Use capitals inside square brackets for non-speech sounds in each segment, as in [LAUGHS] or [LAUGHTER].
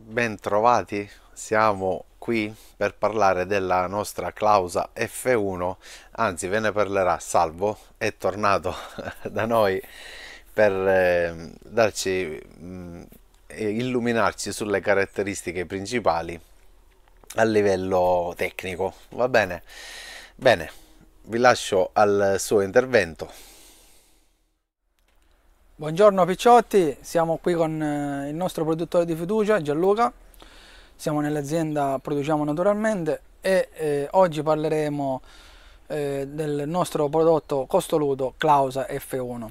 Bentrovati, siamo qui per parlare della nostra clausa F1, anzi ve ne parlerà Salvo, è tornato [LAUGHS] da noi per eh, darci, mh, illuminarci sulle caratteristiche principali a livello tecnico, va bene? Bene, vi lascio al suo intervento. Buongiorno Picciotti, siamo qui con eh, il nostro produttore di fiducia Gianluca, siamo nell'azienda Produciamo Naturalmente e eh, oggi parleremo eh, del nostro prodotto costoludo Clausa F1.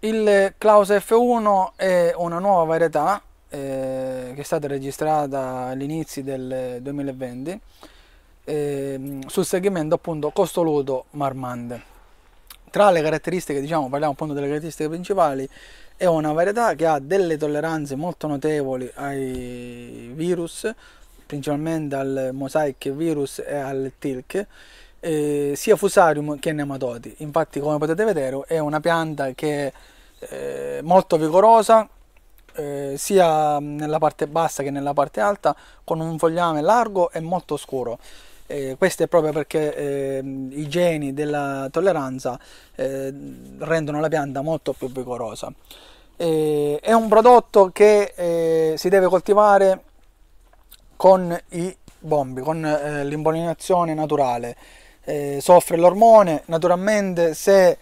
Il Clausa F1 è una nuova varietà eh, che è stata registrata all'inizio del 2020 ehm, sul segmento appunto costoludo Marmande. Tra le caratteristiche, diciamo, parliamo appunto delle caratteristiche principali, è una varietà che ha delle tolleranze molto notevoli ai virus, principalmente al mosaic virus e al tilk, eh, sia fusarium che nematodi. Infatti, come potete vedere, è una pianta che è eh, molto vigorosa, eh, sia nella parte bassa che nella parte alta, con un fogliame largo e molto scuro. Eh, questo è proprio perché eh, i geni della tolleranza eh, rendono la pianta molto più vigorosa. è un prodotto che eh, si deve coltivare con i bombi, con eh, l'impollinazione naturale. Eh, soffre l'ormone, naturalmente se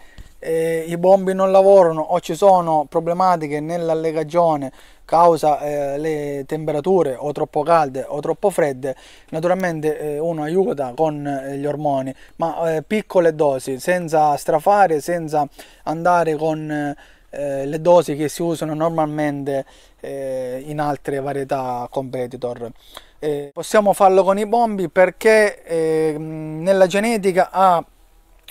eh, i bombi non lavorano o ci sono problematiche nell'allegagione causa eh, le temperature o troppo calde o troppo fredde naturalmente eh, uno aiuta con eh, gli ormoni ma eh, piccole dosi senza strafare senza andare con eh, le dosi che si usano normalmente in altre varietà competitor possiamo farlo con i bombi perché ehm, nella genetica ha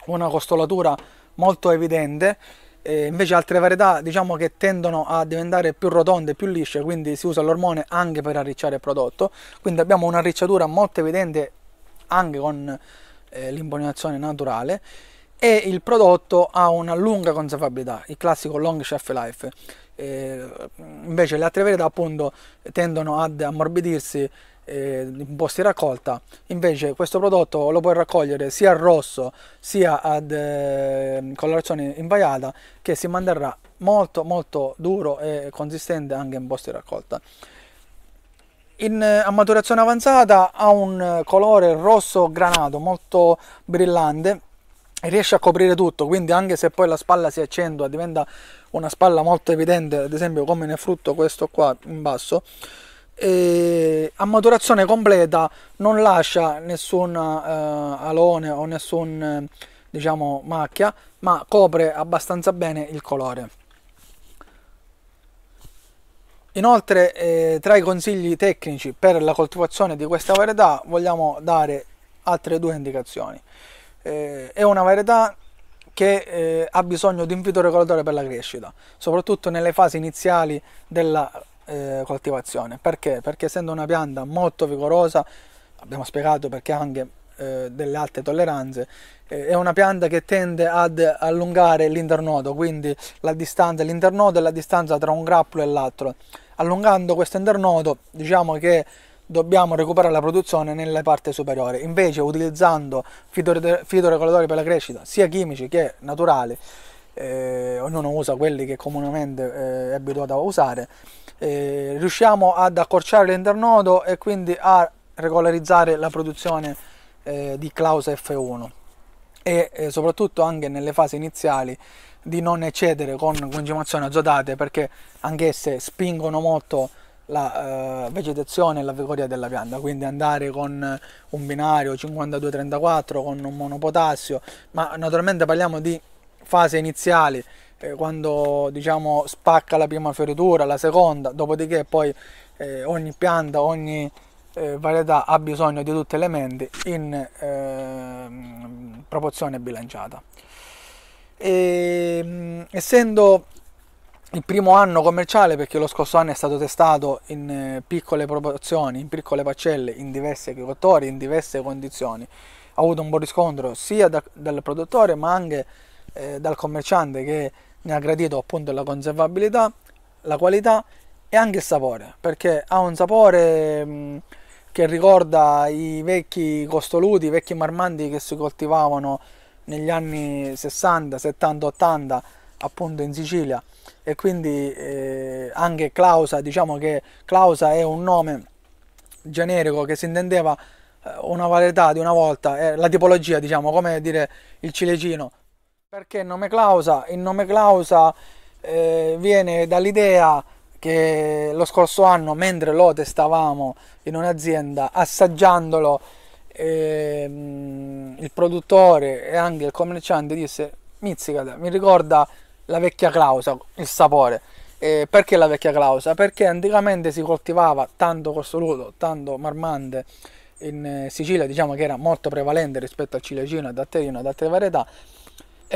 una costolatura molto evidente e invece altre varietà diciamo che tendono a diventare più rotonde, più lisce, quindi si usa l'ormone anche per arricciare il prodotto. Quindi abbiamo un'arricciatura molto evidente anche con eh, l'imponazione naturale e il prodotto ha una lunga conservabilità, il classico long shelf life. Eh, invece le altre varietà appunto tendono ad ammorbidirsi eh, in posti raccolta invece questo prodotto lo puoi raccogliere sia al rosso sia ad eh, colorazione invaiata che si manterrà molto molto duro e consistente anche in posti raccolta in, eh, a maturazione avanzata ha un eh, colore rosso granato molto brillante e riesce a coprire tutto quindi anche se poi la spalla si accentua diventa una spalla molto evidente ad esempio come nel frutto questo qua in basso eh, a maturazione completa non lascia nessun eh, alone o nessun eh, diciamo macchia ma copre abbastanza bene il colore inoltre eh, tra i consigli tecnici per la coltivazione di questa varietà vogliamo dare altre due indicazioni eh, è una varietà che eh, ha bisogno di un regolatore per la crescita, soprattutto nelle fasi iniziali della eh, coltivazione. Perché? Perché essendo una pianta molto vigorosa, abbiamo spiegato perché anche eh, delle alte tolleranze, eh, è una pianta che tende ad allungare l'internodo, quindi la distanza, l'internodo è la distanza tra un grappolo e l'altro. Allungando questo internodo diciamo che dobbiamo recuperare la produzione nelle parti superiori. invece utilizzando fitoregolatori per la crescita, sia chimici che naturali, eh, ognuno usa quelli che comunemente eh, è abituato a usare, eh, riusciamo ad accorciare l'internodo e quindi a regolarizzare la produzione eh, di Klaus F1 e eh, soprattutto anche nelle fasi iniziali di non eccedere con congiunzioni azotate perché anch'esse spingono molto la eh, vegetazione e la vigoria della pianta, quindi andare con un binario 52-34 con un monopotassio, ma naturalmente parliamo di fase iniziale eh, quando diciamo spacca la prima fioritura, la seconda, dopodiché poi eh, ogni pianta, ogni eh, varietà ha bisogno di tutte le menti in ehm, proporzione bilanciata. E, ehm, essendo il primo anno commerciale perché lo scorso anno è stato testato in eh, piccole proporzioni, in piccole parcelle, in diversi agricoltori, in diverse condizioni. Ha avuto un buon riscontro sia da, dal produttore ma anche eh, dal commerciante che ne ha gradito appunto la conservabilità, la qualità e anche il sapore, perché ha un sapore mh, mm, che ricorda i vecchi costoluti, i vecchi marmanti che si coltivavano negli anni 60, 70, 80 appunto in Sicilia e quindi eh, anche Clausa, diciamo che Clausa è un nome generico che si intendeva eh, una varietà di una volta, eh, la tipologia diciamo, come dire il cilecino, perché il nome Clausa? Il nome Clausa eh, viene dall'idea che lo scorso anno, mentre lo testavamo in un'azienda, assaggiandolo, eh, il produttore e anche il commerciante disse mizzicata, mi ricorda la vecchia clausa, il sapore. Eh, perché la vecchia clausa? Perché anticamente si coltivava tanto costoluto, tanto marmante in Sicilia, diciamo che era molto prevalente rispetto al cilecino, ad atterino, ad altre varietà,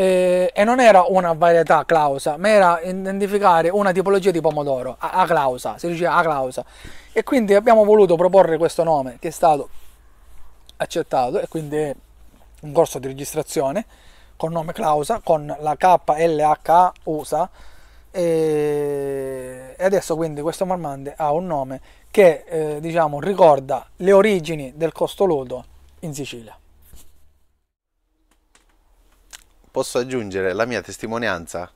eh, e non era una varietà clausa, ma era identificare una tipologia di pomodoro, a, a clausa, si diceva a clausa. E quindi abbiamo voluto proporre questo nome che è stato accettato e quindi è un corso di registrazione con nome clausa, con la KLHA USA e adesso quindi questo marmante ha un nome che eh, diciamo ricorda le origini del costoludo in Sicilia. posso aggiungere la mia testimonianza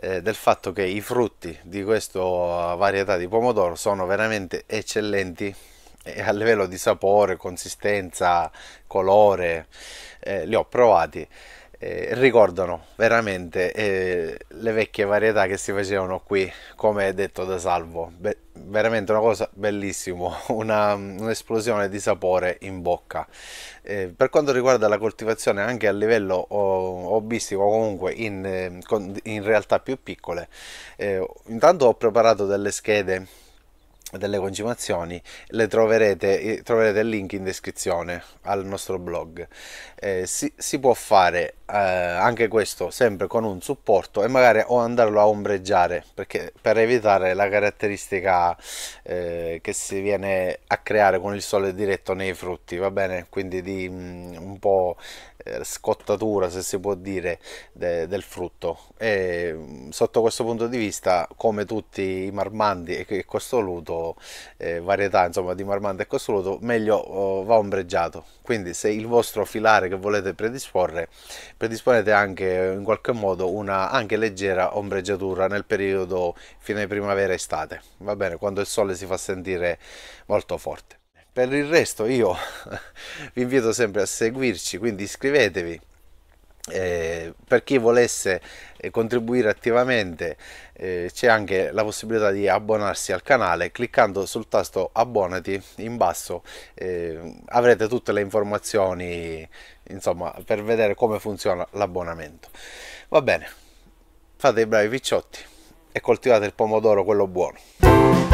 eh, del fatto che i frutti di questa eh, varietà di pomodoro sono veramente eccellenti a livello di sapore, consistenza, colore, eh, li ho provati eh, ricordano veramente eh, le vecchie varietà che si facevano qui, come detto da Salvo. Be veramente una cosa bellissima, [LAUGHS] un'esplosione di sapore in bocca. Eh, per quanto riguarda la coltivazione anche a livello oh, hobbistico, comunque in, eh, in, realtà più piccole, eh, intanto ho preparato delle schede delle concimazioni le troverete, eh, troverete il link in descrizione al nostro blog eh, si, si, può fare eh, anche questo sempre con un supporto e magari o andarlo a ombreggiare perché per evitare la caratteristica eh, che si viene a creare con il sole diretto nei frutti va bene quindi di mh, mm, un po' eh, scottatura se si può dire de, del frutto e mm, sotto questo punto di vista come tutti i marmandi e questo luto eh, varietà insomma, di marmante e costoluto, meglio oh, va ombreggiato. Quindi se il vostro filare che volete predisporre, predisponete anche in qualche modo una anche leggera ombreggiatura nel periodo fine primavera-estate, va bene, quando il sole si fa sentire molto forte. Per il resto io [LAUGHS] vi invito sempre a seguirci, quindi iscrivetevi eh, per chi volesse eh, contribuire attivamente eh, c'è anche la possibilità di abbonarsi al canale cliccando sul tasto abbonati in basso eh, avrete tutte le informazioni insomma per vedere come funziona l'abbonamento va bene fate i bravi picciotti e coltivate il pomodoro quello buono